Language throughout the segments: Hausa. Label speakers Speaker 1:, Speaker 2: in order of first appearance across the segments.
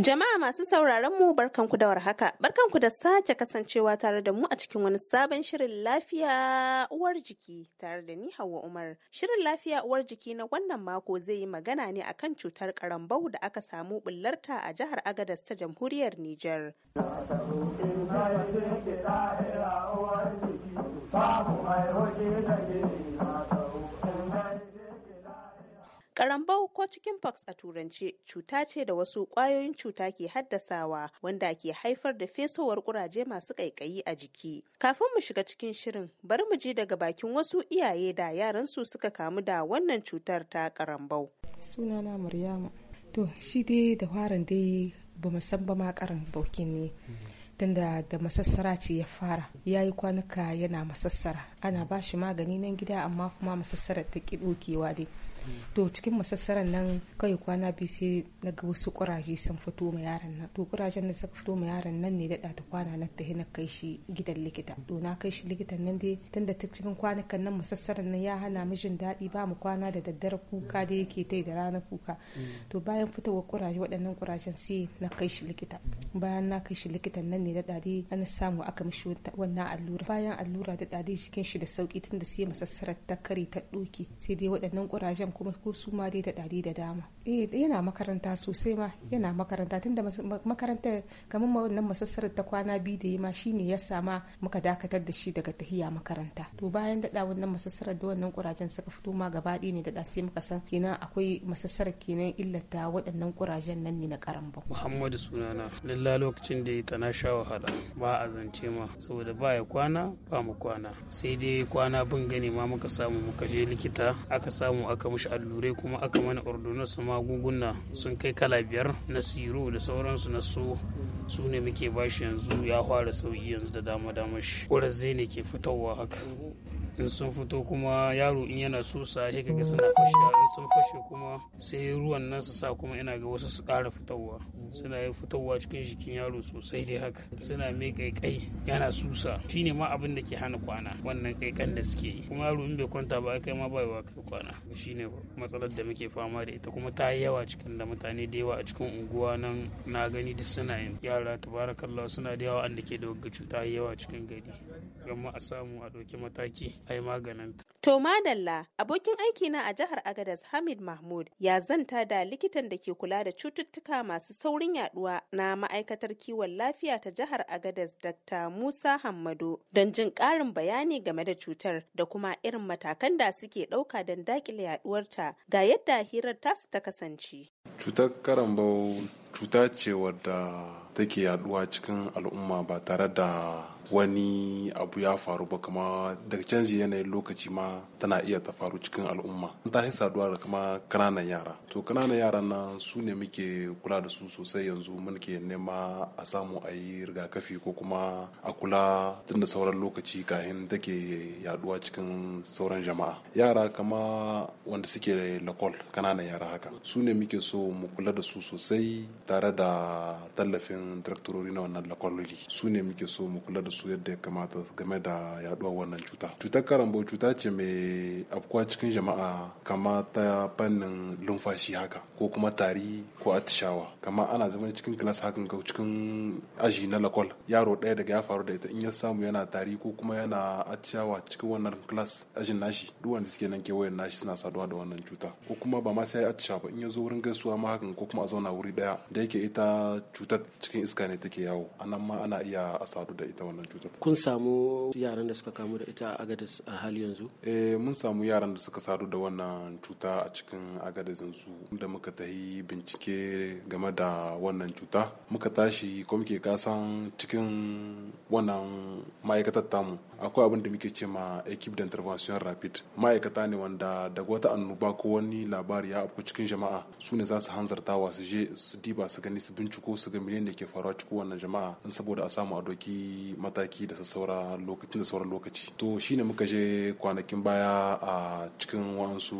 Speaker 1: Jama'a masu sauraron mu barkanku da warhaka, barkanku da sake kasancewa tare da mu a cikin wani sabon shirin lafiya uwar jiki tare da ni Hauwa Umar. Shirin lafiya uwar jiki na wannan mako zai yi magana ne akan cutar karambau da aka samu bullarta a jihar Agadas ta jamhuriyar Nijar. Babu mai da Karambau ko cikin pox a turance cuta ce da wasu ƙwayoyin cuta ke haddasawa wanda ke haifar da fesowar ƙuraje masu ƙaiƙayi a jiki. Kafin mu shiga cikin shirin bari mu ji daga bakin wasu iyaye da yaran su suka kamu da wannan cutar ta karambau.
Speaker 2: Sunana Maryama. To shi dai da farin dai ba san ba ma karin baukin ne. tunda da masassara ce ya fara ya yi kwanuka yana masassara ana ba shi magani nan gida amma kuma masassarar ta ki dokewa dai to cikin masassaran nan kai kwana biyu sai na wasu kuraje sun fito ma yaron nan to kurajen da suka fito ma yaron nan ne daɗa ta kwana na ta na kai shi gidan likita to na kai shi likitan nan dai tunda ta cikin kwanukan nan masassaran nan ya hana mu jin daɗi ba mu kwana da daddare kuka da yake tai da rana kuka to bayan fitowar kuraje waɗannan kurajen sai na kai shi likita bayan na kai shi likitan nan ne daɗa dai ana samu aka mishi wannan allura bayan allura da dai jikin shi da sauki tunda sai masassarar ta kare ta ɗoki sai dai waɗannan kurajen ɗan kuma ko su ma dai da ɗari da dama eh yana makaranta sosai ma yana makaranta tunda makarantar kamar wannan masassarar ta kwana biyu da yi ma shine ya sama muka dakatar da shi daga tahiya makaranta to bayan daɗa wannan masassarar da wannan kurajen suka fito ma gaba ɗaya ne daɗa sai muka san kenan akwai masassarar kenan illata waɗannan kurajen nan ne na karambau muhammadu
Speaker 3: sunana lalla lokacin da ya tana sha wahala ba a zance ma saboda ba ya kwana ba mu kwana sai dai kwana bin gani ma muka samu muka je likita aka samu aka mishi allurai kuma aka mana su magunguna sun kai kala biyar na siro da sauransu na so su ne muke bashi yanzu ya fara sauyi yanzu da dama dama shi ne ke fitowa haka in sun fito kuma yaro in yana susa sai kaga suna fashewa in sun fashe kuma sai ruwan nan su sa kuma ina ga wasu su ƙara fitowa suna yin fitowa cikin jikin yaro sosai dai haka suna mai kaikai yana susa shine ma abin da ke hana kwana wannan kaikan da suke yi kuma yaro in bai kwanta ba kai ma bai wa kai kwana shine matsalar da muke fama da ita kuma ta yi yawa cikin da mutane da yawa a cikin unguwa nan na gani duk suna yin yara tabarakallah suna da yawa an da ke da wagga cuta yawa cikin gari don a samu a ɗauki mataki a yi maganin ta.
Speaker 1: To Madalla, abokin aiki na a jihar Agadas Hamid Mahmud ya zanta da likitan da ke kula da cututtuka masu saurin yaduwa na ma'aikatar kiwon lafiya ta jihar Agadas Dr. Musa Hammado don jin ƙarin bayani game da cutar da kuma irin matakan da suke ɗauka don dakile yaduwarta ga yadda hirar tasu ta kasance.
Speaker 4: Cutar karambau cuta ce wadda take yaduwa cikin al'umma ba tare da wani abu ya faru ba kama daga canji yanayin lokaci ma tana iya ta faru cikin al'umma ta yi saduwa da kuma kananan yara to kananan yaran nan su ne muke kula da su sosai yanzu mun ke nema a samu a yi rigakafi ko kuma a kula tun da sauran lokaci kahin take yaduwa cikin sauran jama'a yara kama wanda suke lakol kananan yara haka su ne muke so mu kula da su sosai tare da tallafin traktorori na wannan lakololi su ne muke so mu kula da su su yadda ya kamata game da yaduwar wannan cuta cutar karambo cuta ce mai afkuwa cikin jama'a kama ta fannin lumfashi haka ko kuma tari ko atishawa kama ana zama cikin kilas hakan ko cikin aji na lakol yaro ɗaya daga ya faru da ita in ya samu yana tari ko kuma yana atishawa cikin wannan kilas ajin nashi duk wanda suke nan kewayen nashi suna saduwa da wannan cuta ko kuma ba ma sai atishawa ba in ya zo wurin gaisuwa ma hakan ko kuma a zauna wuri ɗaya da yake ita cutar cikin iska ne take yawo anan ma ana iya a sadu da ita wannan cutar kun samu yaran da suka kamu da ita a agadis a hali yanzu eh mun samu yaran da suka sadu da wannan cuta a cikin agadis yanzu da muka tahi bincike game da wannan cuta muka tashi ko muke kasan cikin wannan ma'aikatar tamu akwai abin da muke ce ma equipe d'intervention rapid ma'aikata ne wanda daga wata annoba ko wani labari ya afku cikin jama'a su ne za su hanzarta wa su je su diba su gani su binciko su ga menene ke faruwa cikin wannan jama'a don saboda a samu a doki mataki da sassaura lokacin da sauran lokaci to shine muka je kwanakin baya a cikin wasu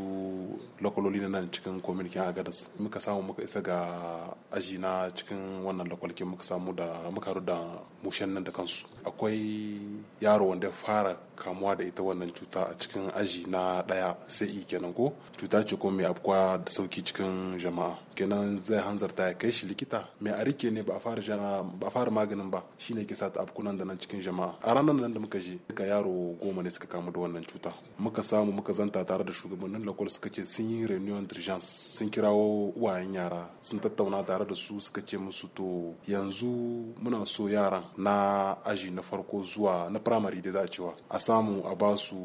Speaker 4: lokaloli na nan cikin a gadas muka samu muka isa ga aji na cikin wannan lokalkin muka samu da muka da mushen nan da kansu akwai yaro wanda fara kamuwa da ita wannan cuta a cikin aji na ɗaya sai i e kenan ko cuta ce ko mai abuwa da sauki cikin jama'a kenan zai hanzarta ya kai shi likita mai a rike ne ba a fara maganin ba shine ke sa ta afkunan da nan cikin jama'a a ranar nan da muka je duka yaro goma ne suka kamu da wannan cuta muka samu muka zanta tare da shugabannin lokal suka ce sun yi reunion d'urgence sun kirawo uwayen yara sun tattauna tare da su suka ce musu to yanzu muna so yaran na aji na farko zuwa na primary da za a cewa samu a ba su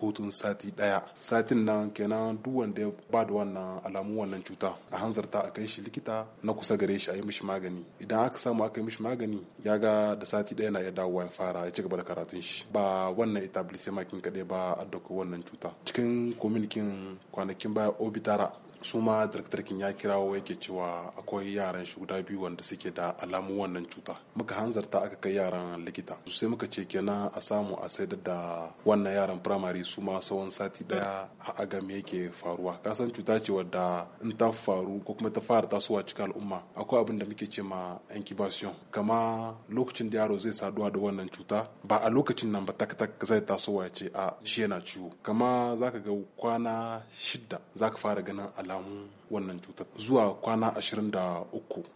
Speaker 4: hutun sati daya satin nan kenan duk wanda ya ba da wannan alamu wannan cuta a hanzarta a kai shi likita na kusa gare shi a yi mishi magani idan aka samu aka yi mishi magani ya ga da sati daya na ya dawowa ya fara ya ci gaba da karatun shi ba wannan etablissement kin kadai ba a wannan cuta cikin kominikin kwanakin baya obitara su ma daraktarkin ya kirawo yake cewa akwai yaran shi guda biyu wanda suke da alamu wannan cuta muka hanzarta aka kai yaran likita sai muka ce kenan a samu a saidar da wannan yaran firamare su ma tsawon sati daya a ga me yake faruwa ka san cuta ce wadda in ta faru ko kuma ta fara tasowa cikin al'umma akwai abin da muke ce ma incubation kama lokacin da yaro zai saduwa da wannan cuta ba a lokacin nan ba tak tak zai tasowa ya ce a shi yana ciwo kama zaka ga kwana shida zaka fara ganin alamu wannan cutar zuwa kwana 23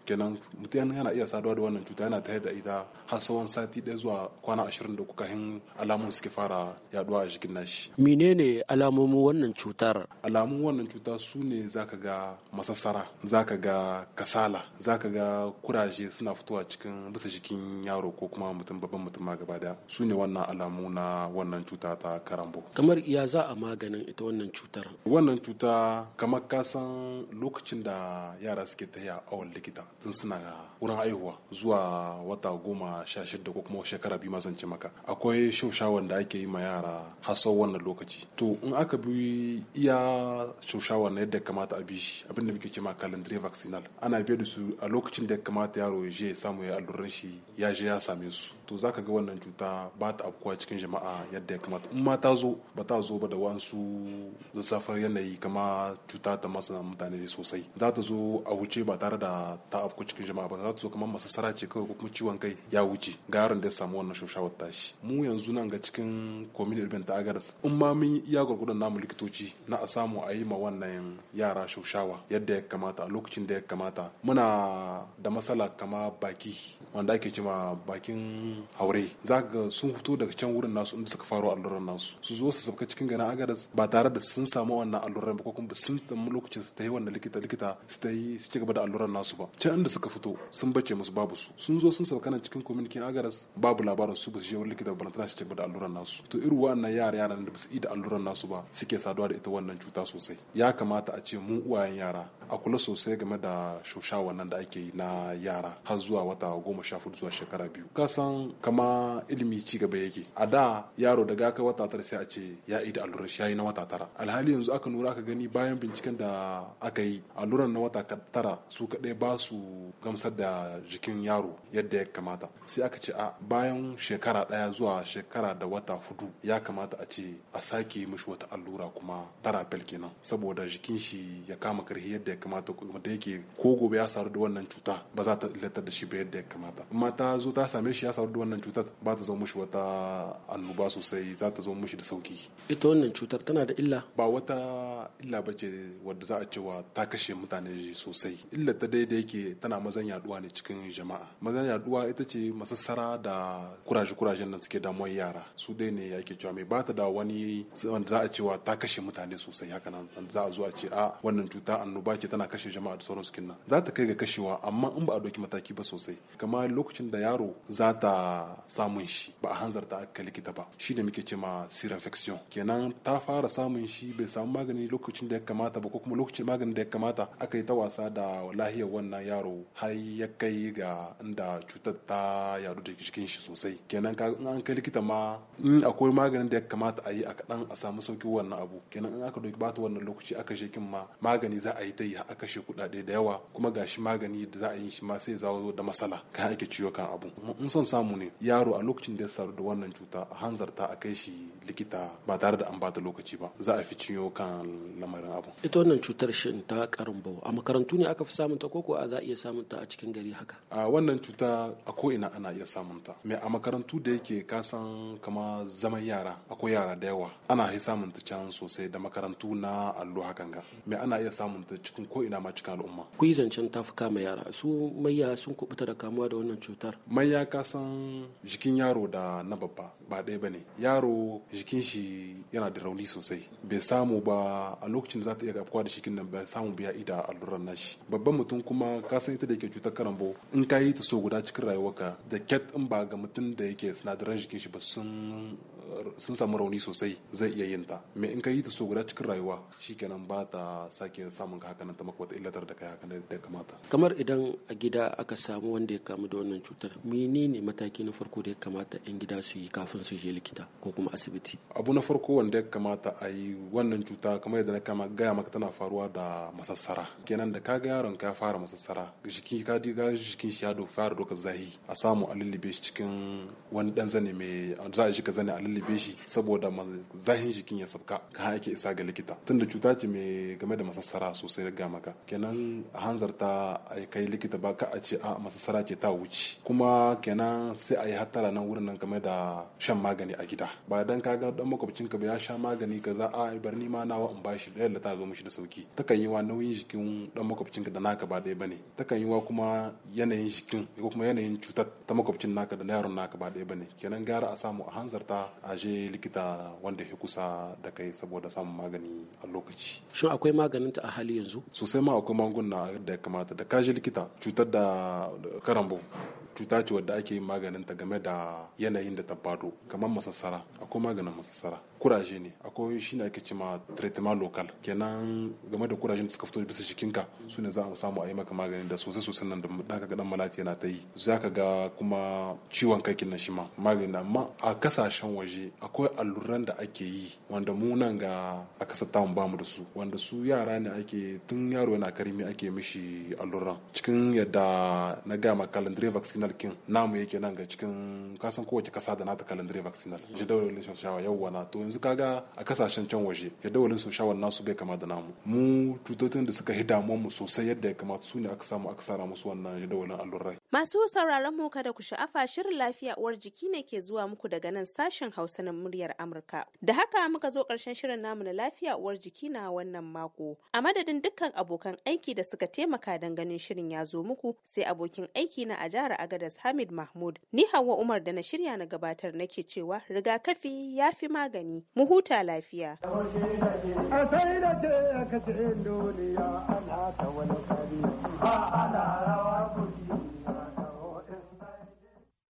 Speaker 4: kenan mutum yana iya saduwa da wannan cuta yana ta da ita har tsawon sati ɗaya zuwa kwana 23 kafin alamun suke fara yaduwa a jikin nashi menene alamomin wannan cutar alamun wannan cuta su ne za ka ga masassara ka ga kasala za ka ga kuraje suna fitowa cikin bisa jikin yaro ko kuma mutum babban mutum ma gaba daya su ne wannan alamu na wannan cuta ta karambo kamar iya za a maganin ita wannan cutar wannan cuta kamar kasan lokacin da yara suke ya awon likita tun suna wurin haihuwa zuwa wata goma sha shida ko kuma shekara biyu ma ce maka akwai shaushawan da ake yi ma yara hasau wannan lokaci to in aka bi iya shaushawan na yadda kamata a bi shi abin da muke ce ma calendar vaccinal ana biya da su a lokacin da ya kamata yaro ya je ya samu ya alluran shi ya je ya same su to zaka ga wannan cuta ba ta afkuwa cikin jama'a yadda ya kamata in ma ta zo ba ta zo ba da wasu zazzafar yanayi kama cuta ta masana mutane mutane sosai za ta zo a wuce ba tare da ta afku cikin jama'a ba za ta zo kamar masassara ce kawai ko kuma ciwon kai ya wuce garin da ya samu wannan shawarar tashi mu yanzu nan ga cikin community urban ta agaras in ma mun iya gurgurdan namu likitoci na a samu a yi ma wannan yara shaushawa yadda ya kamata a lokacin da ya kamata muna da masala kama baki wanda ake cewa bakin haure za ga sun fito daga can wurin nasu inda suka faro alluran nasu su zo su sabka cikin garin agaras ba tare da sun samu wannan alluran ba ko kuma sun samu lokacin su ta yi kowanne likita likita su ta yi su ci gaba da alluran nasu ba can inda suka fito sun bace musu babu su sun zo sun sauka nan cikin community agaras babu labarin su su je likita ba su ci gaba da alluran nasu to irin wannan yara yara da basu su yi da alluran nasu ba suke saduwa da ita wannan cuta sosai ya kamata a ce mu uwayen yara a kula sosai game da shosha nan da ake yi na yara har zuwa wata goma sha hudu zuwa shekara biyu san kama ilimi ci gaba yake a da yaro daga kai wata tara sai a ce ya yi da alluran shi ya yi na wata tara alhali yanzu aka nura aka gani bayan binciken da aka yi alluran na wata tara su kaɗai ba su gamsar da jikin yaro yadda ya kamata sai aka ce a bayan shekara ɗaya zuwa shekara da wata hudu ya kamata a ce a sake mishi wata allura kuma tara kenan saboda jikin shi ya kama karhi yadda ya kamata kuma da yake ko gobe ya saru da wannan cuta ba za ta illatar da shi ba yadda ya kamata amma ta zo ta same shi ya saru da wannan cutar ba ta zo mishi wata annoba sosai za ta zo mishi da sauki ita wannan cutar tana da illa ba wata illa bace wadda za a cewa ta kashe mutane sosai illa ta daidai da yake tana mazan yaduwa ne cikin jama'a mazan yaduwa ita ce masassara da kuraje kurajen nan suke damuwar yara su dai ne yake cewa mai bata da wani wanda za a cewa ta kashe mutane sosai haka nan za a zo a ce a wannan cuta annoba ce tana kashe jama'a da sauran sukin nan za ta kai ga kashewa amma in ba a doki mataki ba sosai kama lokacin da yaro za ta samun shi ba a hanzarta aka likita ba shi ne muke ce ma sir infection kenan ta fara samun shi bai samu magani lokacin da ya kamata ba ko kuma lokacin magani abin da ya kamata aka yi ta wasa da lahiyar wannan yaro har ya kai ga inda cutar ta yaro da cikin shi sosai kenan ka in an kai likita ma in akwai maganin da ya kamata a yi a kaɗan a samu sauki wannan abu kenan in aka doki ta wannan lokaci aka she kin ma magani za a yi ta yi har aka she kuɗaɗe da yawa kuma ga shi magani da za a yi shi ma sai zawo da masala kan ake ciwo kan abu in son samu ne yaro a lokacin da ya saru da wannan cuta a hanzarta a kai shi likita ba tare da an bata lokaci ba za a fi ciwo kan lamarin abu ita wannan cutar shin ta karin bau a makarantu ne aka fi samun ta koko a za iya samun ta a cikin gari haka a wannan cuta a ko ina ana iya samun ta me a makarantu da yake kasan kama zaman yara akwai yara da yawa ana iya samun ta can sosai da makarantu na allo hakan ga me ana iya samun ta cikin ko ina ma cikin al'umma ku yi zancen ta fi kama yara su maiya sun kubuta da kamuwa da wannan cutar maiya kasan jikin yaro da na babba ba ɗaya ne yaro jikin shi yana da rauni sosai bai samu ba a lokacin za ta iya kafuwa da shi nan ba samun biya ida alluran nashi babban mutum kuma ka san ita da yake cutar karambo in ka yi ta so guda cikin rayuwarka da ket in ba ga mutum da yake sinadaran jikin shi ba sun sun samu rauni sosai zai iya yin ta me in ka yi ta so guda cikin rayuwa shikenan ba ta sake samun ka haka nan ta maka wata illatar da kai haka da kamata kamar idan a gida aka samu wanda ya kamu da wannan cutar menene mataki na farko da ya kamata yan gida su yi kafin su je likita ko kuma asibiti abu na farko wanda ya kamata a yi wannan cuta kamar yadda na kama gaya maka tana faruwa da masassara kenan da kaga yaron ka ya fara masassara jiki ka diga jikin shi ya fara doka zahi a samu a lullube shi cikin wani dan zane mai za a shi ka zane a lullube lullube shi saboda zahin jikin ya sabka ka ake isa ga likita tunda cuta ce mai game da masassara sosai ga maka kenan hanzarta a kai likita ba ka a ce a masassara ce ta wuce kuma kenan sai a yi hattara nan wurin nan game da shan magani a gida ba dan ka ga dan makwabcin ka ya sha magani ka za a bar ni ma nawa in bashi da yalla ta zo mishi da sauki takan yi wa nauyin jikin dan makwabcin ka da naka ba ɗaya bane takan yi wa kuma yanayin jikin ko kuma yanayin cutar ta makwabcin naka da na yaron naka ba daya bane kenan gara a samu a hanzarta a a likita wanda ya kusa da kai saboda samun magani a lokaci shin akwai maganinta a hali yanzu sosai ma akwai magunguna da ya kamata da kaje likita cutar da karambo cuta ce wadda ake yin maganin ta game da yanayin da ta kamar masassara akwai maganin masassara kuraje ne akwai shi ne ake cima traitement local kenan game da kurajen da suka fito bisa jikinka su ne za a samu a yi maka magani da sosai sosai nan da daga ka malati yana ta yi za ka ga kuma ciwon kai na shi ma magani amma a kasashen waje akwai alluran da ake yi wanda mu nan ga a kasa mu bamu da su wanda su yara ne ake tun yaro yana karimi ake mishi alluran cikin yadda na gama calendar vaccinal kin namu yake nan ga cikin kasan kowace kasa da nata calendar vaccinal jadawalin shawa yau wana to yanzu kaga a kasashen can waje jadawalin social nasu bai kama da namu mu cutotin da suka hida mu sosai yadda ya kamata su ne aka samu aka sara musu wannan jadawalin allurai
Speaker 1: masu sauraron mu kada ku sha'afa shirin lafiya uwar jiki ne ke zuwa muku daga nan sashen Hausa na muryar Amurka da haka muka zo karshen shirin namu na lafiya uwar jiki na wannan mako a madadin dukkan abokan aiki da suka taimaka don ganin shirin ya zo muku sai abokin aiki na a jihar Agadas Hamid Mahmud ni hawa Umar da na shirya na gabatar nake cewa rigakafi ya fi magani Mu huta lafiya.
Speaker 3: ana rawa